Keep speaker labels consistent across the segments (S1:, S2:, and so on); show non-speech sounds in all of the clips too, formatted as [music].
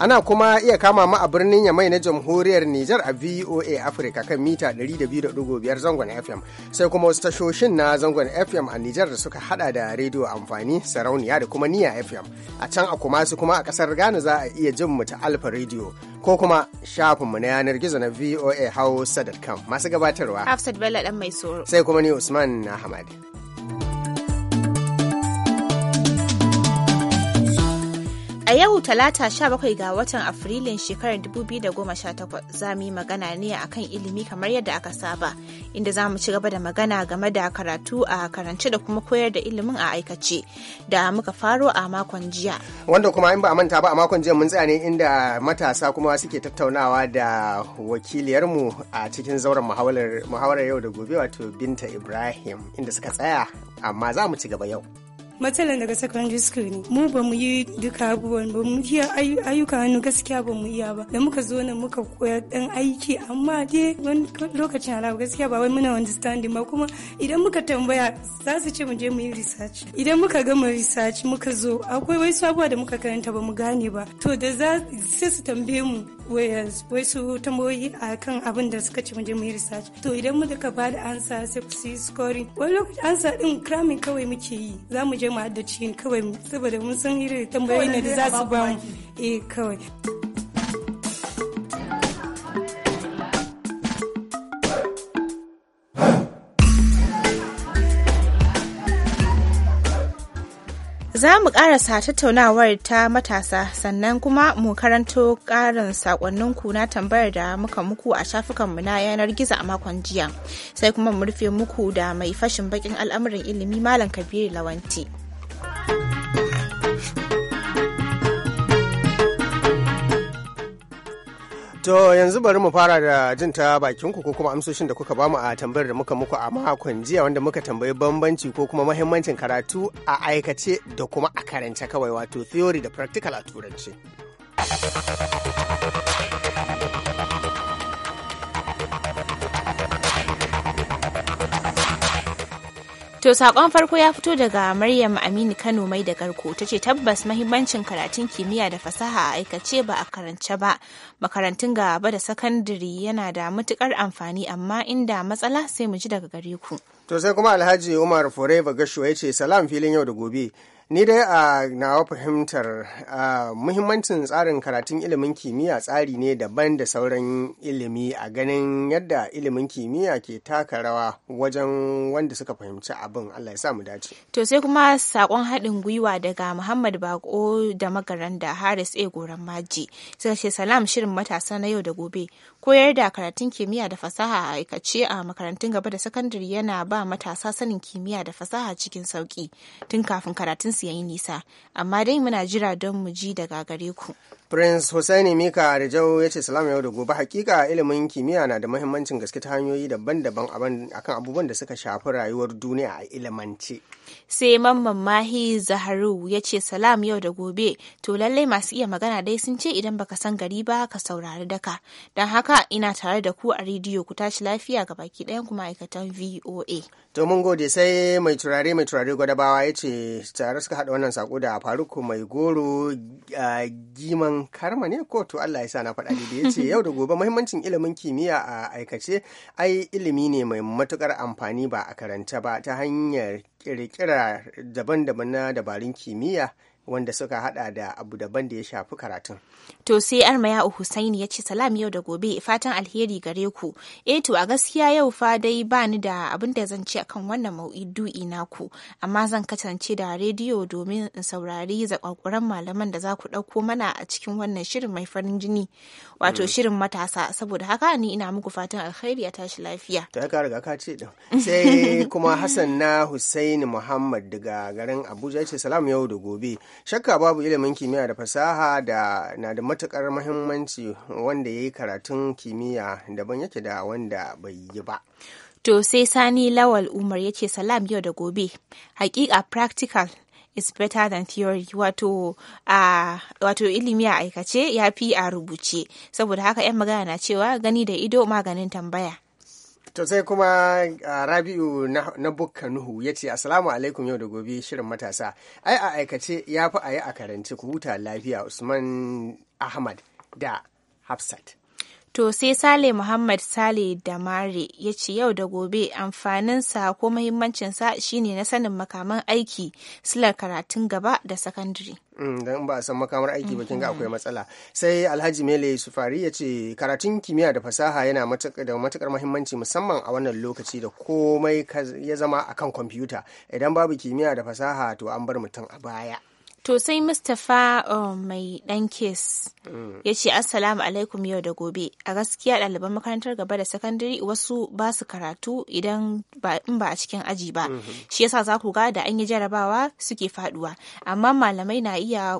S1: Ana kuma iya kama mu a birnin Yamai na Jamhuriyar Nijar a VOA Africa kan mita 200.5 zangon FM sai kuma wasu tashoshin na zangon FM a Nijar da suka hada da rediyo amfani sarauniya da kuma niya FM. A can a kuma su kuma a kasar Ghana za a iya jin mu ta Alfa rediyo ko kuma shafin mu na yanar gizo na VOA Hausa.com masu gabatarwa.
S2: Hafsat Bello dan mai soro.
S1: Sai kuma ni Usman Ahmad.
S2: A yau talata 17 ga watan Afrilun shekarar 2018 za mu yi magana ne a kan ilimi kamar yadda aka saba, inda za mu ci gaba da magana game da karatu a karance da kuma koyar da ilimin a aikace da muka faro a makon jiya.
S1: Wanda kuma in ba a manta ba a makon jiya mun tsaya ne inda matasa kuma suke tattaunawa da wakiliyarmu a cikin zauren muhawarar yau da gobe wato Binta Ibrahim inda suka tsaya amma za mu ci gaba yau.
S3: matsalan daga secondary school ne mu ba mu yi duka abubuwan ba mu iya ayyuka hannu gaskiya ba mu iya ba da muka zo nan muka koya dan aiki amma dai wani lokacin ala gaskiya ba wai muna understanding ba kuma idan muka tambaya za su ce mu je mu yi research idan muka gama research muka zo akwai wai sabuwa da muka karanta ba mu gane ba to da za su tambaye mu wai su tambayoyi a kan abin da suka ci muje mai research to idan mu ka ba da ansa sai ku yi scoring wani lokaci ansa din cramming kawai muke yi za mu je mu haddace kawai saboda mun san irin tambayoyin da za su ba mu eh kawai
S2: za mu karasa tattaunawar ta matasa sannan kuma mu karanto ƙarin sakonninku na tambayar da muka muku a shafukanmu na yanar gizo a makon jiya sai kuma mu rufe muku da mai fashin bakin al'amuran ilimi malam kabiru lawanti
S1: To yanzu bari mu fara da jin ta bakin ku ko kuma amsoshin da kuka bamu a tambayar da muka muku a makon jiya wanda muka tambayi bambanci ko kuma mahimmancin karatu a aikace da kuma a karance kawai wato theory da practical a turanci.
S2: To sakon farko ya fito daga Maryam Aminu Kano mai da garko ta ce tabbas mahimmancin karatun kimiyya da fasaha a aikace ba a karance ba. Makarantun gaba da sakandare yana da matukar amfani amma inda matsala sai mu ji daga gare ku.
S1: To sai kuma Alhaji Umar Fore Bagashu ya ce salam filin yau da gobe. ni dai a nawa fahimtar muhimmancin tsarin karatun ilimin kimiyya tsari ne daban da sauran ilimi a ganin yadda ilimin kimiyya ke taka rawa wajen wanda suka fahimci abin allah ya sa mu dace
S2: to sai kuma sakon haɗin gwiwa daga muhammad bako da magaranda haris a goran maji suka ce salam shirin matasa na yau da gobe koyar da karatun kimiyya da fasaha a aikace a makarantun gaba da sakandare yana ba matasa sanin kimiyya da fasaha cikin sauki tun kafin karatun su yayi nisa amma dai muna jira don mu ji daga gare ku
S1: prince hussaini mika jau ya ce salamu yau da gobe hakika ilimin kimiyya na da mahimmancin gaske ta hanyoyi daban-daban akan abubuwan da suka shafi rayuwar duniya a ilimance
S2: sai mamman mahi zaharu ya ce salam yau da gobe to lallai masu iya magana dai sun ce idan baka san gari ba ka saurari daka don haka haka ina tare da ku a rediyo ku tashi lafiya ga baki ɗayan kuma aikatan VOA.
S1: To mun gode sai mai turare mai turare gwadabawa ya ce tare suka haɗa wannan sako da faruku mai goro a giman karma ne ko to Allah ya sa na faɗa da ya ce yau da gobe muhimmancin ilimin kimiyya a aikace ai ilimi ne mai matukar amfani ba a karanta ba ta hanyar kirkira daban-daban na dabarun kimiyya
S2: wanda suka hada da abu daban da ya shafi karatun. To sai Armaya Husaini ya ce salam yau da gobe fatan alheri gare ku. Eh to a gaskiya yau fa dai bani da abin da zan ce akan wannan ina ku amma zan kasance da rediyo domin in saurari zakwakuran malaman da za ku ɗauko mana a cikin wannan shirin mai farin jini wato mm. shirin matasa saboda haka ni ina muku fatan alheri ya tashi lafiya.
S1: Ta ka riga ka ce
S2: [laughs] Sai
S1: kuma Hassan na Husaini Muhammad daga garin Abuja ya ce salam yau da gobe. shakka babu ilimin kimiyya da fasaha da na da matukar mahimmanci wanda ya yi karatun kimiyya daban yake da wanda bai yi ba
S2: to sai sani lawal umar yake salam yau da gobe hakika practical is better than theory wato wato ilimi a aikace ya fi a rubuce saboda haka 'yan magana na cewa gani da ido maganin tambaya
S1: To sai kuma Rabi'u na Bukka Nuhu ya ce asalamu alaikum yau da gobe shirin matasa. Ai a aikace ya fi a yi a karance ku huta lafiya Usman Ahmad da Hafsat.
S2: To sai Sale Muhammad Sale da Mare ya ce yau da gobe amfaninsa ko mahimmancinsa shine na sanin makaman aiki silar karatun gaba da sakandare.
S1: Mm, don ba a san makamar aiki ba kinga akwai mm-hmm. matsala sai alhaji mele sufari ya ce karatun kimiyya da fasaha yana da matukar mahimmanci musamman a wannan lokaci da komai ya zama a kan kwamfuta idan babu kimiyya da fasaha to an bar mutum a baya
S2: To sai Mustapha um, mai ɗan kes ya ce Assalamu alaikum yau da gobe. A gaskiya ɗaliban makarantar gaba da sakandare wasu ba su karatu idan in ba a cikin aji ba. Mm-hmm. Shi yasa za ku ga da an yi jarabawa suke faduwa. Amma malamai na iya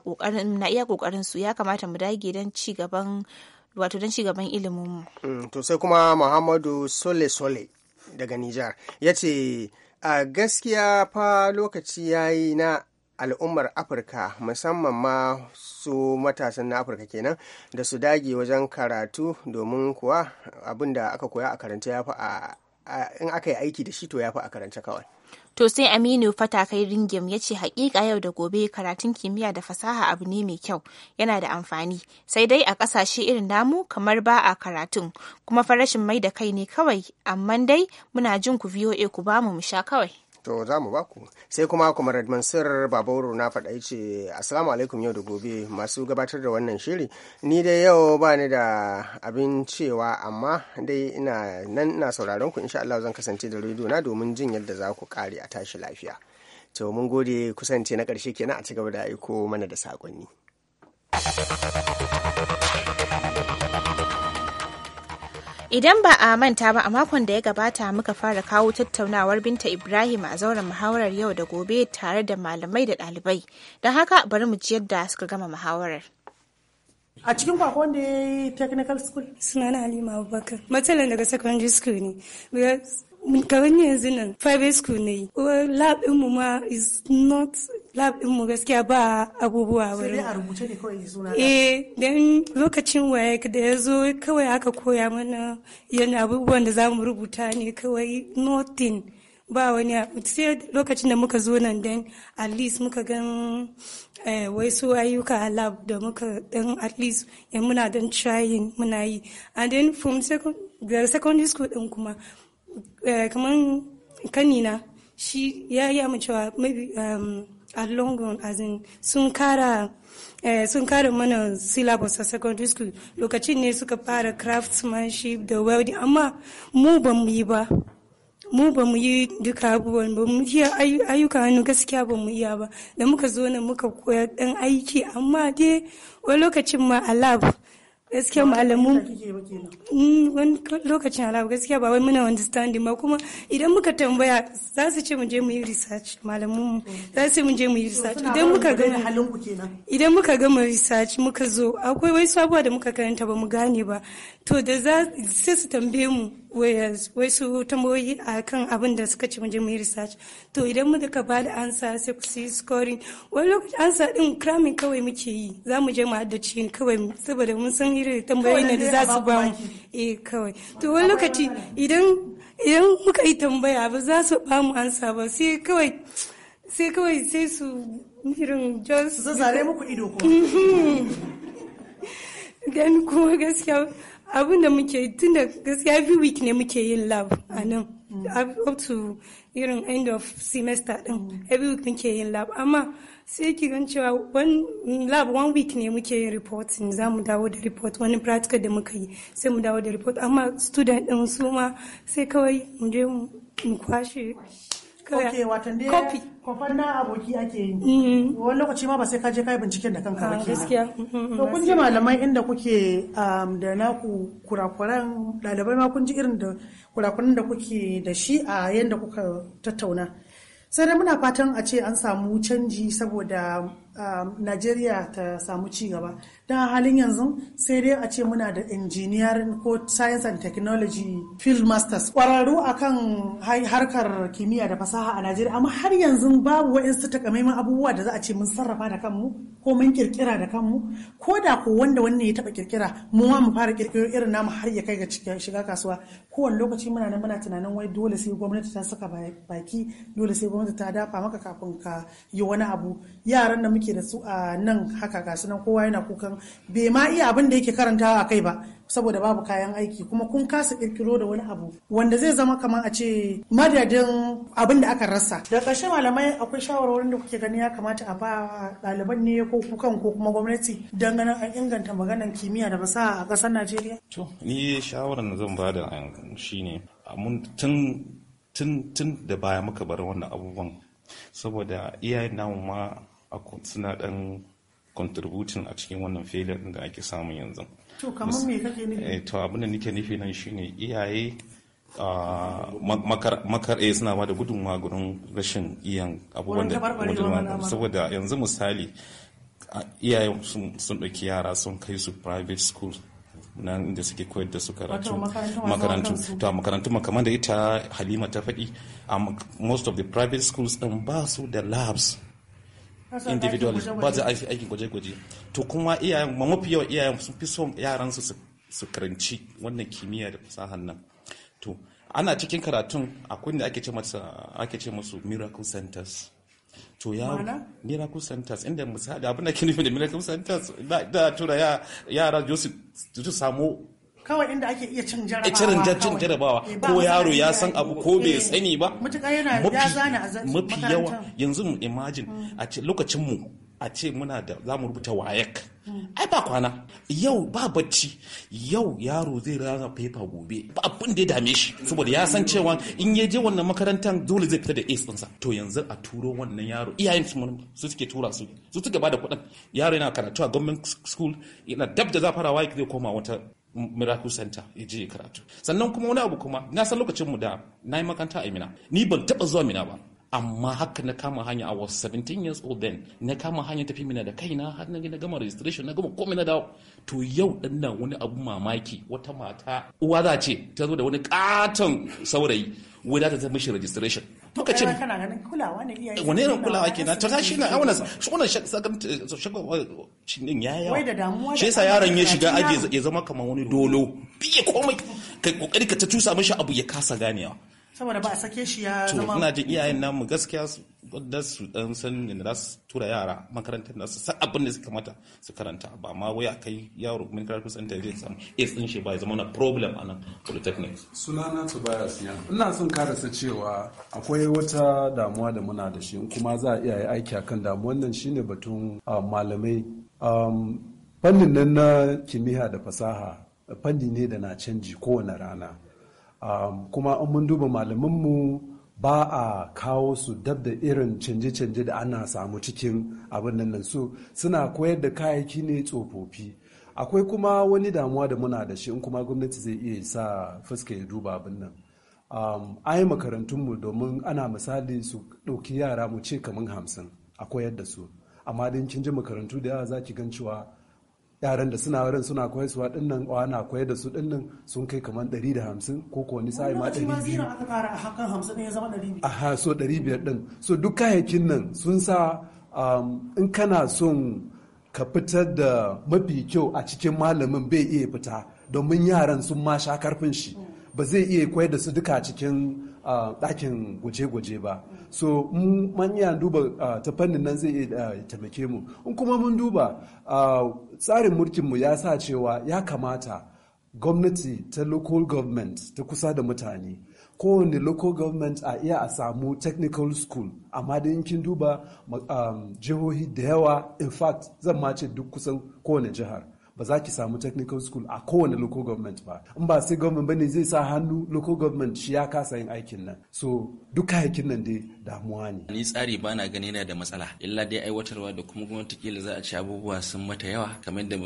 S2: ƙoƙarin su ya kamata mu dage don ci gaban wato don ci gaban ilimin
S1: mm, To sai kuma Muhammadu Sole Sole daga Nijar ya ce a gaskiya fa lokaci yayi na al'ummar afirka musamman ma su matasan na afirka kenan da su dage wajen karatu domin kuwa abin aka koya a karanta ya fi a in aka yi aiki da shi
S2: to ya fi a karanta kawai To sai Aminu Fatakai Ringim ya ce hakika yau da gobe karatun kimiyya da fasaha abu ne mai kyau yana da amfani sai dai a kasashe irin namu kamar ba a karatun kuma farashin mai da kai ne kawai amma dai muna jin ku VOA ku ba mu sha kawai.
S1: to za mu baku sai kuma kuma mansur baburu na faɗa ce assalamu alaikum yau da gobe masu gabatar da wannan shiri ni dai yau ba ni da abin cewa amma dai ina nan ina sauraron ku insha Allah zan kasance da rediyo na domin jin yadda za ku kare a tashi lafiya to mun gode kusance na ƙarshe kenan a ci gaba da aiko mana da sakonni.
S2: Idan ba a manta ba a makon da ya gabata muka fara kawo tattaunawar Binta Ibrahim a zauren muhawarar yau da gobe tare da malamai da ɗalibai. Don haka bari mu ji yadda suka gama muhawarar.
S3: A cikin kwakwa da ya yi technical school? na Halima Abubakar. Matsalan daga secondary school ne. kamar ne yanzu nan private school ne lab din mu ma is not lab mu gaskiya ba abubuwa ba sai a
S4: rubuce ne kawai suna eh
S3: dan lokacin waye da ya zo kawai aka koya mana yana abubuwan da zamu rubuta ne kawai nothing ba wani sai lokacin da muka zo nan dan at least muka gan eh, wai su ayyuka a lab da muka dan at least yan muna dan trying muna yi and then from second, secondary school din kuma Eh, kamar kanina shi ya yi amincewa maybe um, a long run as in sun kara eh, sun kara mana syllabus a secondary school lokacin ne suka fara craftsmanship da welding amma mu ba mu yi ba mu ba mu yi duka abubuwan ba mu iya ayyukan hannu gaskiya ba mu iya ba da muka zo nan muka koya dan aiki amma dai wani lokacin ma a lab gaskiya malamu mm, wani lokacin alabu gaskiya ba wai muna understanding ba kuma idan muka tambaya za su ce mu je mu yi research malamu za su mu je mu yi research idan muka gama idan muka gama research muka zo akwai wai sabuwa da muka karanta ba mu gane ba to da za sai su tambaye mu wai su tambayoyi a kan abin da suka ce mu je mu yi research to idan muka ba da ansa sai ku yi scoring wani lokacin ansa din kramin kawai muke yi za mu je mu haddace kawai saboda mun san irin tambayoyi da za su ba mu eh kawai to wani lokaci idan idan muka yi tambaya ba za su ba mu ansa ba sai kawai sai kawai sai su irin jos su zare muku ido kuma dan mm-hmm. [laughs] kuma gaskiya abin da muke tun da gaskiya every week ne muke yin lab a nan mm-hmm. up to irin end of semester din mm-hmm. every week muke yin lab amma sai ki gan cewa lab one week ne muke yin reporting za mu dawo da report wani practical da muka yi sai mu dawo da report amma student din su ma sai kawai mu je mu kwashe ok watan dai kofi kofar na aboki ake yi mm-hmm. wani lokaci ma
S4: ba sai ka je kai binciken da kanka ba ah, ke mm-hmm. to kun ji malamai inda kuke um, da naku kurakuran dalibai ma kun ji irin da kurakuran da kuke da shi a yanda kuka tattauna sai dai muna fatan a ce an samu canji saboda Najeriya ta samu ci gaba. Don halin yanzu sai dai a ce muna da engineering ko science and technology field masters kwararru kan harkar kimiyya da fasaha a Najeriya amma har yanzu babu waɗansu takamaiman abubuwa da za a ce mun sarrafa da kanmu ko mun kirkira da kanmu ko da ko wanda wannan ya taba kirkira mu ma mu fara kirkiro irin namu har ya kai ga shiga kasuwa kowane lokaci muna nan muna tunanin wai dole sai gwamnati ta saka baki dole sai gwamnati ta dafa maka kafin ka yi wani abu yaran da muke yake da su a nan haka ga nan kowa yana kukan bai ma iya abin da yake karantawa a kai ba saboda babu kayan aiki kuma kun kasa kirkiro da wani abu wanda zai zama kamar a ce madadin abin da aka rasa da ƙarshe malamai akwai shawarwarin da kuke gani ya kamata a ba ɗaliban ne ko kukan ko kuma gwamnati don ganin an inganta maganar kimiyya da fasaha a ƙasar najeriya
S5: to ni shawaran da zan bada shine tun tun da baya muka bar wannan abubuwan saboda iyayen namu ma suna dan contributing a cikin wannan failure da ake samu yanzu
S4: to kamar me kake nufi eh,
S5: to abin da nake nufi nan shine iyaye makar eh, suna ba da gudunmawa gurin rashin iyan abubuwan da saboda yanzu misali iyayen sun ɗauki yara sun kai su private school na inda suke koyar da su karatu makarantu to a makarantu kamar da ita halima ta faɗi um, most of the private schools ɗin ba su da labs
S4: individualist ba za
S5: aikin gwaje-gwaje to kuma iyayen ma mafi yawan iyayen sun fi so yaran su su karanci wannan kimiyya da fasahar nan to ana cikin karatun akwai da ake ce masa ake ce musu miracle centers to ya miracle centers inda misali abin da ke nufi da miracle centers da tura yara su samu
S4: kawai inda ake iya cin jarabawa cin cin
S5: jarabawa ko eh, yaro ya san abu ko bai eh, sani ba
S4: mafi yawa
S5: yanzu mu imagine a lokacin mu a ce muna da za mu rubuta wayek ai ba kwana yau ba bacci yau yaro zai rana fefa gobe ba abin da ya dame shi saboda ya san cewa in ya je wannan makarantar dole zai fita da ace ɗinsa to yanzu a turo wannan yaro iyayen su suke tura su su ba bada kuɗin yaro yana karatu a government school yana dab da za fara wayek zai koma wata miracle center ya je karatu sannan kuma wani abu kuma na san lokacin mu da na yi makaranta a mina ni ban taba zuwa mina ba amma haka na kama hanya a was 17 years old then na kama hanya tafi mina da kaina har na gina gama registration na gama komai na dawo to yau din nan wani abu mamaki wata mata uwa za ce ta zo da wani katon saurayi Eh, wai da ta mishi registration lokacin
S4: kulawa wani irin kulawa kenan to shi na wannan
S5: wannan din ya yawa wai da
S4: damuwa shi yasa yaron ya shiga aji
S5: ya zama kamar wani dolo biye komai ka kokari ka ta tusa mishi abu ya kasa ganewa
S4: saboda ba a sake shi ya zama ina jin iyayen
S5: namu gaskiya da su dan san da za su tura yara makarantar da su san abin da su kamata su karanta ba ma waya a kai yaro min karatu san ta zai samu is din shi ba zama na problem anan polytechnic
S6: sunana Tobias ya ina son karasa cewa akwai wata damuwa da muna da shi kuma za a iya yi aiki akan damuwan nan shine batun ah, malamai fannin nan na kimiyya da fasaha fanni ne da na canji kowane rana Um, kuma in mun duba malamanmu ba a kawo su dab da irin canje-canje da ana samu cikin abin nan su suna koyar da kayayyaki ne tsofaffi akwai kuma wani damuwa da muna da shi in kuma gwamnati zai iya sa fuska ya duba abin nan um, ai makarantunmu domin ana misali su ɗauki yara mu ce kamar hamsin a koyar da su amma din kin ji makarantu da yawa za ki gan cewa yaran da suna wurin suna koyar suwa dinnan kwa na koyar da su dinnan sun kai kamar 150 ko ko wani sai ma 200
S4: aka kara a hakan ne ya zama
S6: aha so 500 din so duk kayayyakin nan sun sa um, in kana son ka fitar da mafi kyau a cikin malamin bai iya fita domin yaran sun ma sha karfin shi mm. ba zai iya koyar da su duka cikin ɗakin gwaje-gwaje ba so mun manya duba ta fannin nan zai taimake mu in kuma mun duba tsarin mulkinmu ya sa cewa ya kamata gwamnati ta local government ta kusa da mutane kowane local government a iya a samu technical school amma da yankin duba jihohi da yawa in fact zan ma ce duk kusan kowane jihar ba za ki samu technical school a kowane local government ba in ba sai government ne zai sa hannu local government shi ya kasa yin aikin nan so duka aikin nan dai damuwa ne
S7: ni tsari ba na gani yana da matsala illa dai aiwatarwa da kuma gwamnati kila za a ci abubuwa sun mata yawa kamar da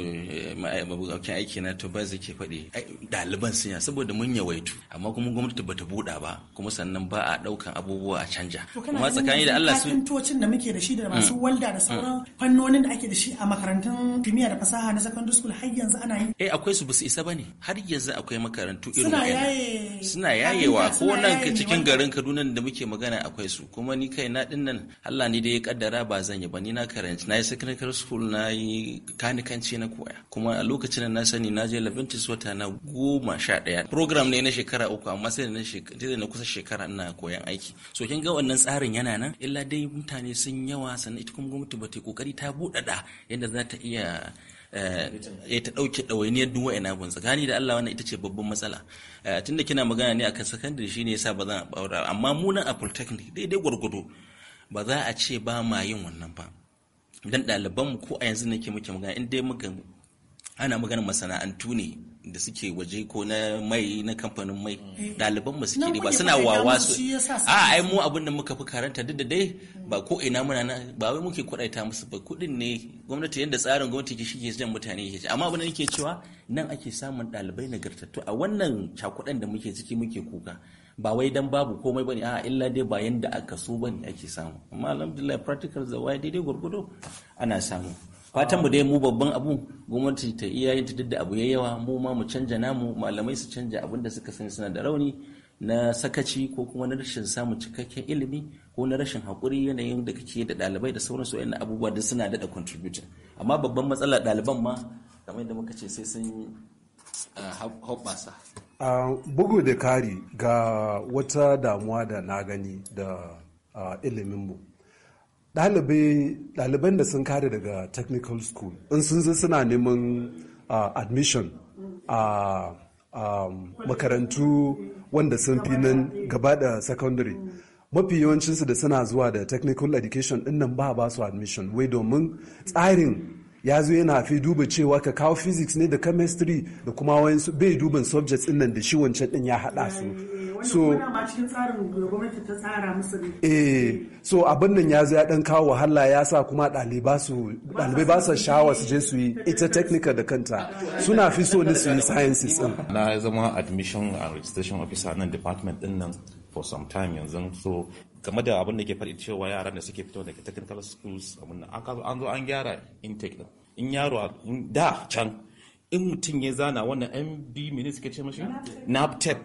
S7: abokan aiki na to ba zai ke faɗi ɗaliban sun ya saboda mun yawaitu amma kuma gwamnati bata buɗa ba kuma sannan ba a ɗaukan abubuwa a canja kuma tsakani da Allah su
S4: kafintocin da muke da shi da masu mm. walda da sauran mm. fannonin da ake da shi a makarantun kimiyya da fasaha na secondary school har yanzu ana yi
S7: eh akwai su ba su isa bane har yanzu akwai makarantu irin suna yaye suna yayewa ko nan cikin garin Kaduna da muke magana akwai su kuma ni kai na din nan Allah ne da ya kaddara ba zan yi ba ni na karanci na yi secondary school na yi kanikanci na koya kuma a lokacin na sani na je Leventis wata na goma sha ɗaya program ne na shekara uku amma sai na shekara na kusa shekara ina koyan aiki so kin ga wannan tsarin yana nan illa dai mutane sun yawa sannan ita kuma gwamnati ba ta kokari ta buɗaɗa yadda za ta iya ya eh, ta ɗauke ɗawainiyar duk wa'ina abun tsakani da Allah wannan ita ce babban matsala eh, tunda kina magana ne akan sakandare shine yasa ba zan aura amma mu nan a polytechnic daidai gwargwado ba za a ce ba ma yin wannan ba dan ɗaliban mu ko a yanzu nake muke magana in dai muka ana maganar masana'antu ne da suke waje ko na mai na kamfanin mai mm. ɗaliban mu suke ba suna wawa su a ai mu abin da muka fi karanta duk da dai ba ko ina muna na ba wai muke kudaita musu ba kudin ne gwamnati yadda tsarin gwamnati ke shige jan mutane yake amma abin da nake cewa nan ake samun ɗalibai nagartattu a wannan cakudan da muke ciki muke kuka ba wai dan babu komai bane a illa dai ba yanda aka so bane ake samu amma alhamdulillah practical zawai daidai gurgudo ana samu fatan mu dai mu babban abu gwamnati ta iya yin ta duk da abu ya yawa mu ma mu canja namu malamai su canja abin da suka sani suna da rauni na sakaci ko kuma na rashin samun cikakken ilimi ko na rashin haƙuri yanayin da kake da ɗalibai da sauran su da abubuwa da suna da contributing amma babban matsala ɗaliban ma kamar yadda muka ce sai sun yi ah, hoɓɓasa.
S6: Ah, bugu da kari ga wata damuwa da na gani da ah, iliminmu ɗaliban da sun kare daga technical school in sun zo suna neman admission a makarantu wanda sun fi nan gaba da secondary mafi yawancinsu da suna zuwa da technical education ɗin nan ba ba su admission wai domin tsarin ya zo yana fi duba cewa ka kawo physics ne da chemistry da kuma wayansu bai duban subjects din nan da shi wancan din ya hada su eh, eh, so eh so abin nan ya zo ya dan kawo wahala ya sa kuma ɗalibai ba su shawa su je su yi ita technical da kanta suna fi so ne su yi sciences din
S5: na zama admission and registration officer nan department din nan for some time yanzu so game da abin da ke faɗi cewa yaran da suke fito daga technical schools abin an zo an gyara intake din in yaro da can in mutum ya zana wannan mb mini suke ce mashi naptep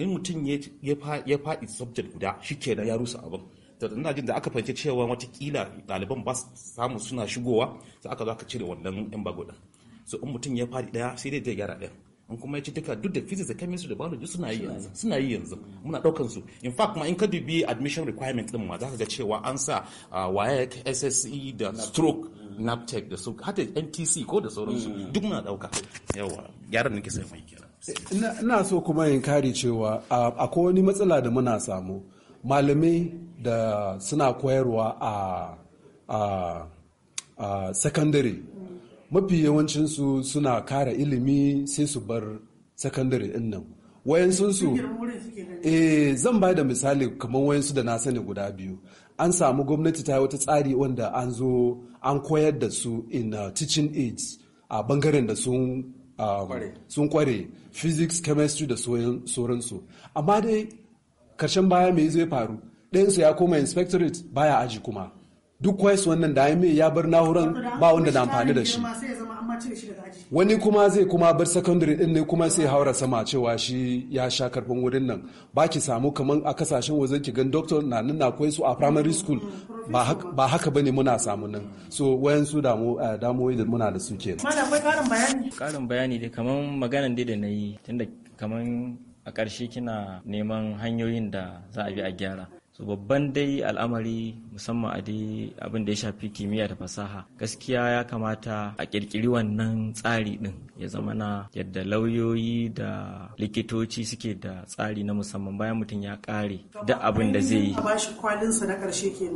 S5: in mutum ya faɗi subject guda shi ke ya su abin to ina jin da aka fahimci cewa watakila ɗaliban ba su samu suna shigowa sai aka zo aka cire wannan embargo din so in mutum ya faɗi ɗaya sai dai zai gyara ɗaya in kuma ya ci duka duk da physics da chemistry da biology suna yi yanzu suna yi yanzu muna daukan su in fact ma in ka dubi admission requirement din ma za ka ga cewa an sa ah, WAEC SSE e. e da stroke NAPTEC da su hata NTC ko da sauransu mm. duk muna dauka yawa yaran nake sai mai kira
S6: ina so kuma in kare cewa akwai wani matsala da muna samu malamai da suna koyarwa a secondary mafi yawancinsu suna kara ilimi sai su bar sakandare dinnan nan wayansunsu eh zan ba da misali kamar wayansu da na sani guda biyu an samu gwamnati ta yi wata tsari wanda an zo an koyar da su in uh, teaching aids a bangaren da sun um, sun kware physics chemistry da sauransu amma dai karshen baya mai zai faru ɗayansu ya koma inspectorate baya aji kuma duk kwaisu wannan da mai ya bar nahuran ba wanda na amfani da shi wani kuma zai kuma bar secondary din ne kuma sai haura sama cewa shi ya sha karfin wurin nan ba ki samu kamar a kasashen wajen ki gan doctor na nan na kwaisu a primary school mm, mm, ba haka bane muna samu nan so wayan su damu eh, damuwoyi da muna da su kenan
S4: karin bayani
S6: karin bayani dai kaman maganan dai da nayi
S8: tunda kaman a ƙarshe kina neman hanyoyin da za a bi a gyara so babban dai al'amari musamman a dai abin da ya shafi kimiyya da fasaha gaskiya ya kamata a kirkiri wannan tsari din ya zama na yadda lauyoyi da likitoci suke da tsari na musamman bayan mutum ya kare duk abin da zai yi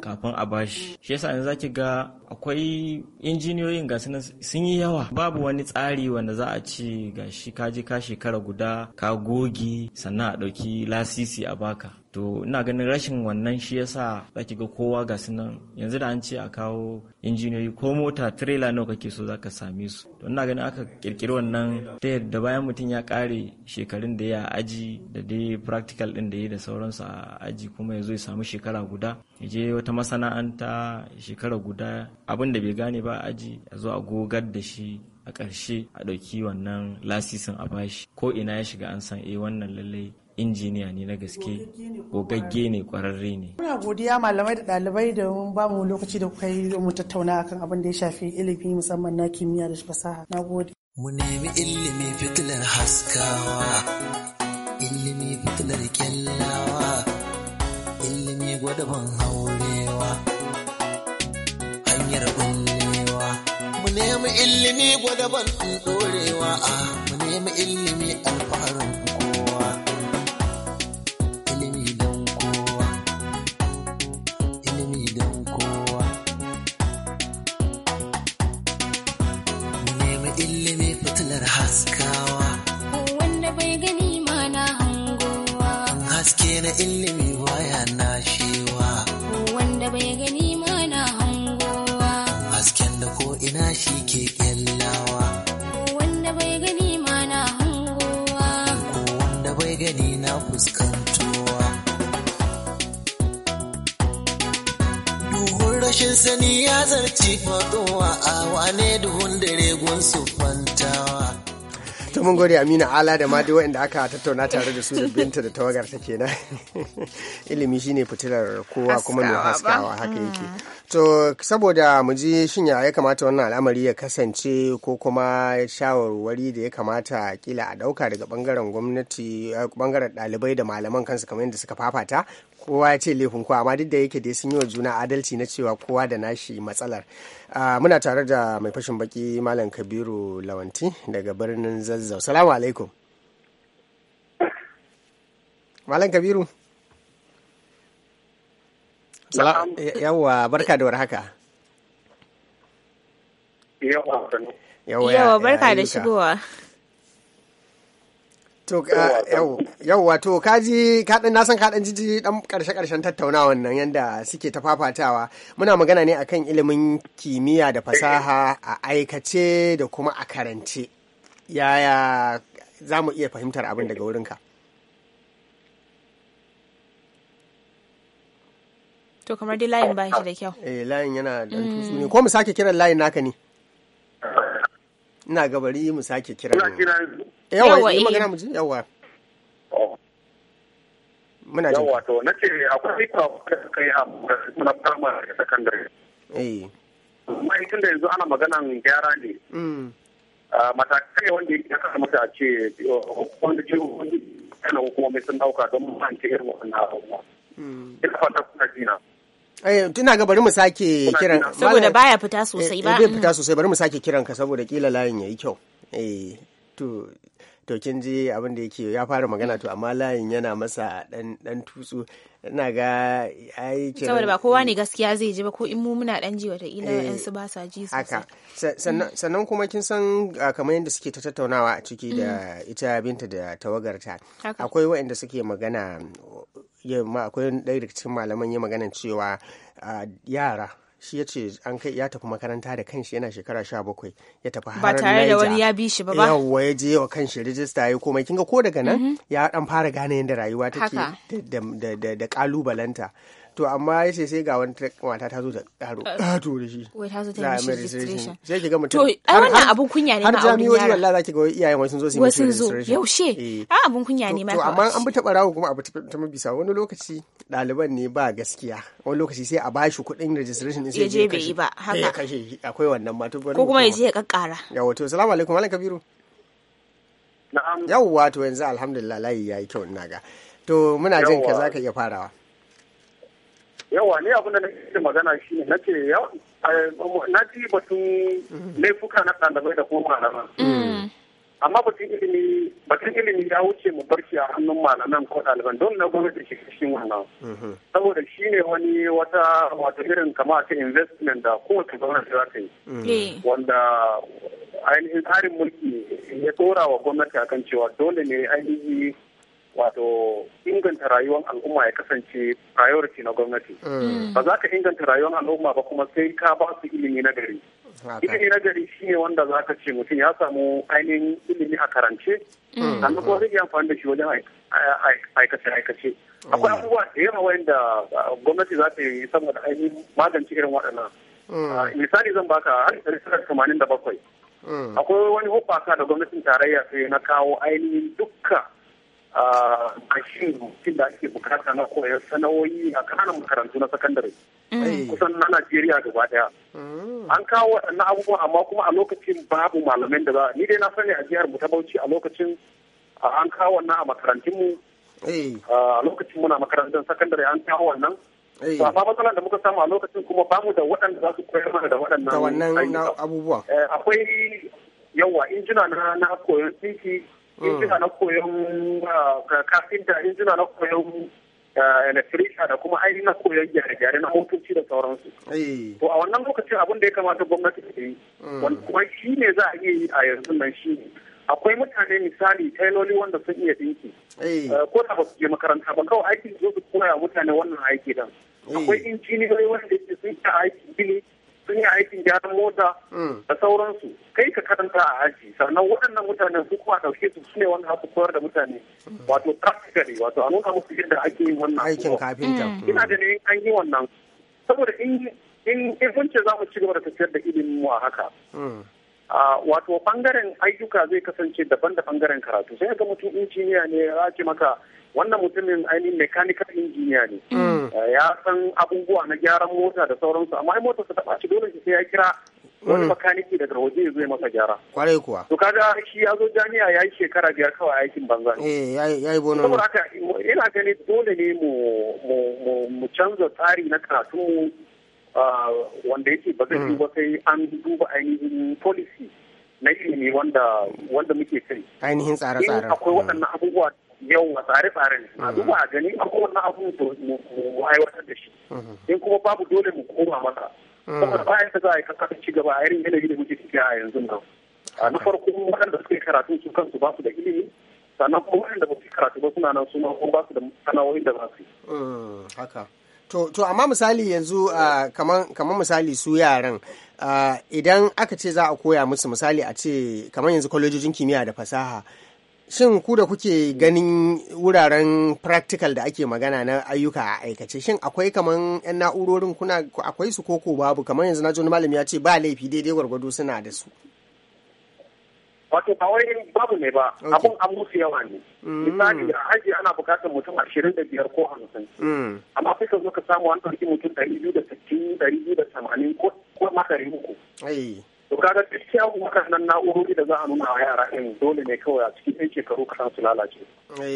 S8: kafin a bashi shi yasa yanzu zaki ga akwai injiniyoyin ga sun yi yawa babu wani tsari wanda za a ci ga shi kaji ka shekara guda ka goge sannan a ɗauki lasisi a baka to ina ganin rashin wannan shi yasa zaki ga kowa nan yanzu da an ce a kawo injiniyoyi ko mota trailer nawa kake so zaka same su to ina ganin aka kirkiri wannan ta yadda bayan mutum ya kare shekarun da ya aji da dai practical din da ya da sauransu a aji kuma ya zo ya samu shekara guda ya je wata masana'anta shekara guda abin da bai gane ba aji ya zo a gogar da shi a ƙarshe a ɗauki wannan lasisin a bashi ko ina ya shiga an san eh wannan lallai injiniya ne na gaske gogagge ne kwararre ne.
S4: Muna godiya malamai da ɗalibai da mun ba mu lokaci da kuka yi mu tattauna akan abin da ya shafi ilimi musamman na kimiyya da fasaha. Na gode.
S8: Mu nemi ilimi fitilar haskawa, ilimi fitilar kyallawa, ilimi gwadaban haurewa, hanyar bullewa.
S7: Mu nemi ilimi gwadaban ɗorewa, ah, mu nemi ilimi alfaharin ci a wane
S1: gode amina ala da ma inda aka tattauna tare da su da binta da tawagar ta kenan [laughs] ilimi shine fitilar kowa kuma mai haskawa haka yake mm. to saboda mu ji shin ya kamata wannan al'amari ya kasance ko kuma shawarwari da ya kamata kila a dauka daga bangaren gwamnati bangaren eh, ɗalibai da malaman kansu kamar yadda suka fafata kowa ya ce laifin kowa amma duk da yake dai sun yi wa juna adalci na cewa kowa da nashi matsalar ah, muna tare da mai fashin baki malam kabiru lawanti daga birnin zazzau salamu alaikum malam kabiru yawwa barka da warhaka yawwa barka da shigowa To wato eh, to kaji kaɗan na san kaɗan jiji ɗan ƙarshe ƙarshen tattaunawan nan yadda suke ta fafatawa muna magana ne akan ilimin kimiyya da fasaha a aikace da kuma a karance yaya za mu iya fahimtar abin daga wurinka.
S2: To kamar dai layin ba shi da kyau. Eh layin yana da mm. ne ko mu
S1: sake kiran layin naka ne? Ina gabari mu sake kiran. Eh, yawa yi eh. magana mu ji yawa oh. muna jin yawa
S9: to na ce akwai kai a na farma da sakandare eh ikin da yanzu ana maganan gyara ne mm. ah, matakai wanda ya kamata a ce wanda ce yana hukumomi sun dauka don mance irin wannan abubuwa mm. ina fata jina
S1: Eh, tuna ga bari mu sake kiran saboda baya fita eh, sosai ba. bai fita sosai bari mu sake kiran ka saboda kila layin yayi kyau. Eh, to to kin ji abin da yake ya fara magana to amma layin yana masa dan dan tutsu ina ga ai kira saboda ba
S2: kowa ne gaskiya zai ji ba ko in mu muna dan ji wata ila yan eh, su ba sa ji
S1: sosai sannan kuma kin san ah, kamar yadda suke ta tattaunawa a ciki da mm. ita binta da tawagarta akwai waɗanda suke magana akwai ɗaya daga cikin malaman yi maganan cewa ah, yara shi ya ce an kai ya tafi makaranta da kanshi yana shekara sha bakwai ya tafi har ba tare da wani ya bi shi ba ba yawwa ya je wa kanshi rijista ya yi komai kinga ko daga nan mhm. ya dan fara gane yadda rayuwa take da kalubalanta to amma ya ce sai ga wani mata ta zo ta karo ƙato eh. da shi
S2: wai ta zo ta yi registration
S1: sai ki ga mutum to ai wannan abun kunya ne ma auren yaro har wallahi zaki ga iyayen wasu zo su yi registration yaushe eh.
S2: a abun kunya ne ma to amma an bi
S1: ta barawo kuma abu ta mabisa wani lokaci ɗaliban ne ba gaskiya wani lokaci sai a bashi kuɗin registration din sai je bai ba haka kashe akwai wannan ma to ko kuma ya je ya kakkara yawa to assalamu alaikum malam kabiru Yau yawwa to yanzu alhamdulillah layi yayi kyau ina ga to muna jin ka zaka iya farawa
S9: yawa ne abinda da yi magana shi ne ce eh, na ji batun laifuka na ɗalibai da kuma malama mm. amma batun ilimi batun ilimi ya wuce mu barci a hannun malaman ko ɗaliban don na gwamnati shi cikin wannan mm-hmm. saboda shi ne wani wata wato irin kama ta investment da kowace gwamnati za ta yi mm. eh. wanda ainihin tsarin mulki ya tsora wa gwamnati akan cewa dole ne ainihin wato inganta rayuwar al'umma ya kasance priority na gwamnati mm. ba za ka inganta rayuwar al'umma ba kuma sai ka ba su ilimi na gari ilimi na gari shine wanda za ka ce mutum ya samu ainihin ilimi a karance mm. sannan kuma zai amfani da shi wajen aikace aikace mm. akwai abubuwa da yawa wanda gwamnati za ta yi saboda ainihin magance irin waɗannan misali zan baka a tamanin da bakwai akwai wani hukaka da gwamnatin tarayya sai na kawo ainihin dukka kashi mutum da ake bukata na koyon a kananan makarantu na sakandare mm. kusan na Najeriya gaba daya.
S3: Mm. An
S9: kawo waɗannan abubuwa amma kuma a lokacin babu malamin da za ni dai na sani a jihar mu ta Bauchi a lokacin an kawo wannan a makarantunmu a lokacin muna makarantar sakandare an kawo wannan matsalar da muka samu a lokacin kuma bamu da waɗanda za su koyar mana da waɗannan abubuwa eh, akwai yawa injina na koyon tsinki injina mm. na koyon ah, kafinta injina na koyon ah, electrician da kuma ainihin na koyon gyare-gyare na motoci da sauransu. Eh. To a wannan lokacin abin da ya kamata gwamnati ta yi, mm. wani kuma shi ne za a iya yi a yanzu nan shi ne. akwai mutane misali tailoli wanda sun iya dinki eh. Eh, ko da ba je makaranta ba kawai aikin su su koya mutane wannan aiki dan akwai injiniyoyi wanda sun iya aiki bile. sun yi aikin gyaran mota hmm. da sauransu kai ka karanta a aji sannan waɗannan mutanen su kuma ɗauke su su ne wanda aka koyar da mutane wato practically wato a nuna musu yadda ake yin wannan aikin
S1: kafinta hmm. ina
S9: da ne an yi wannan saboda in in in kunce za mu ci gaba da tafiyar da ilimin mu a haka hmm. wato bangaren ayyuka zai kasance daban da bangaren karatu sai ga mutum injiniya ne ya ce maka wannan mutumin ainihin mechanical injiniya ne mm. eh, ya san abubuwa na gyaran mota da sauransu amma ai motarsa ta ɓaci dole sai ya kira wani mm. makaniki daga waje ya zo ya masa gyara
S1: kwarai kuwa to
S9: kaga shi ya zo jami'a ya yi shekara biyar kawai aikin banza
S1: ne. eh yayi yi bono saboda haka
S9: ina ganin dole ne mu mu mu canza tsari na karatu wanda yake ba zai hmm. ba sai an duba ainihin policy na ilimi wanda wanda muke kai
S1: ainihin tsare-tsare akwai hmm. waɗannan
S9: abubuwa yau a tsare-tsare ne a hmm. duba a gani akwai wannan abu mu aiwatar da shi in kuma babu dole mu koma maka saboda bayan da za a yi kasa ci gaba a irin yanayi da muke ciki a yanzu nan na farko waɗanda suka yi karatu su kansu ba su da ilimi sannan kuma waɗanda ba su karatu ba suna nan su ma kuma ba su da sana'o'in da za su yi
S1: haka To, to amma misali yanzu uh, kamar misali su yaran uh, idan aka ce za a koya musu misali a ce kamar yanzu kwalejojin kimiyya da fasaha shin ku da kuke ganin wuraren practical da ake magana na ayyuka a aikace shin akwai kamar yan na'urorin kuna akwai su koko babu kamar yanzu na malami ya ce ba laifi daidai gwargwado suna da su
S9: wato ba wai babu ne ba abun an musu yawa ne mm. misali a haji ana bukatar mutum ashirin da biyar ko hamsin mm. amma sai ka zo ka samu an ɗauki mutum ɗari biyu da sittin ɗari biyu da tamanin ko ma ɗari uku to kaga gaskiya waɗannan na'urori da za a nuna wa yara ɗin dole ne kawai a cikin ɗan shekaru kasan su lalace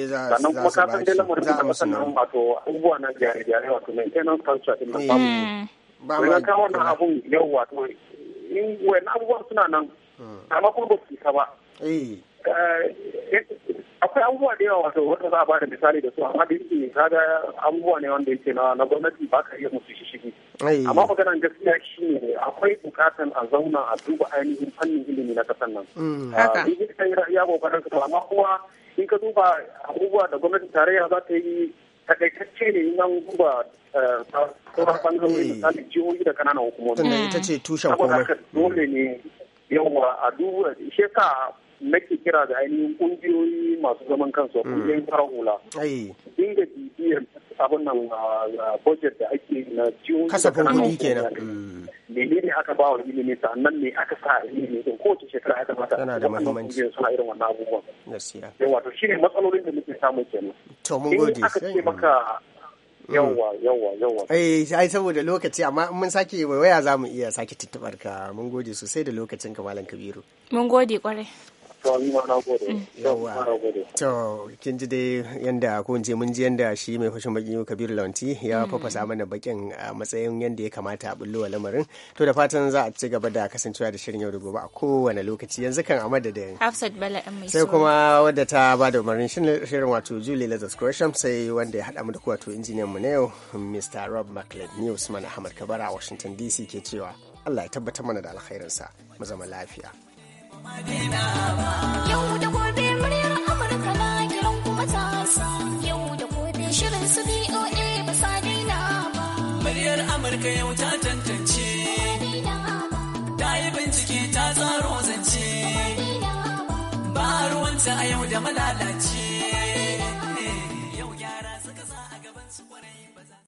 S1: sannan kuma ka san dai lamarin da masanan
S9: wato abubuwa na gyare-gyare wato maintenance culture ɗin nan mm.
S1: babu ba ma kawo wannan
S9: abun yau wato in wayan abubuwan suna nan amma kuma ba ba eh. Eh, eh, akwai abubuwa da yawa wato wanda za a da misali da su amma da yake kaga abubuwa ne wanda yake na na gwamnati ba ka iya musu shishigi amma maganar gaskiya shi ne akwai bukatan a zauna a duba ainihin fannin ilimi na kasan nan mm. ah, duk da ya iya kokarin su amma kuma in ka duba abubuwa da gwamnatin tarayya za ta yi takaitacce ne in an duba sauran bangarori misali jihohi da kananan hukumomi. Sannan ita ce tushen komai. Dole ne yawa a duba shi ka nake kira da ainihin kungiyoyi masu zaman kansu kungiyoyin mm. fara hula dinga bibiyar abin nan budget da ake na ciwon kasafin kuɗi kenan mm. ne aka ba wa ilimi sannan ne aka sa ilimi ko kowace shekara ya kamata tana da muhimmanci suna irin wannan abubuwan gaskiya yawa to ne matsalolin da muke samun kenan to mun gode aka ce maka Mm. Yawwa, yawwa, yawwa.
S1: ai saboda lokaci amma in mun sake waya za mu iya sake tuttubar ka. Mun gode sosai da lokacin ka Malam Kabiru.
S2: Mun gode kwarai. Mm.
S1: To, kin ji dai yanda ko in mun ji yanda shi mai fashin baki Kabiru Launti ya mm. fafasa mana bakin a matsayin yadda ya kamata a bullo lamarin. To da fatan za a ci gaba da kasancewa da shirin yau da gobe a kowane lokaci yanzu kan a madadin.
S2: Hafsat Bala mai Sai kuma
S1: wadda ta ba da umarnin shirin wato Julie Lazarus Gresham sai wanda ya haɗa mu da wato injiniyan mu na yau Mr. Rob McLeod ni Usman Ahmad Kabara a Washington DC ke cewa Allah ya tabbatar mana da alkhairinsa mu zama lafiya.
S3: Yau da gobe muryar Amurka na kiran kuma sa yau da gobe shirin su BOA ba sa ba. Muryar Amurka yau ta tantance, ta yi bincike ta tsaro zance, ba ruwanta a yau da malalace. Yau gyara suka sa a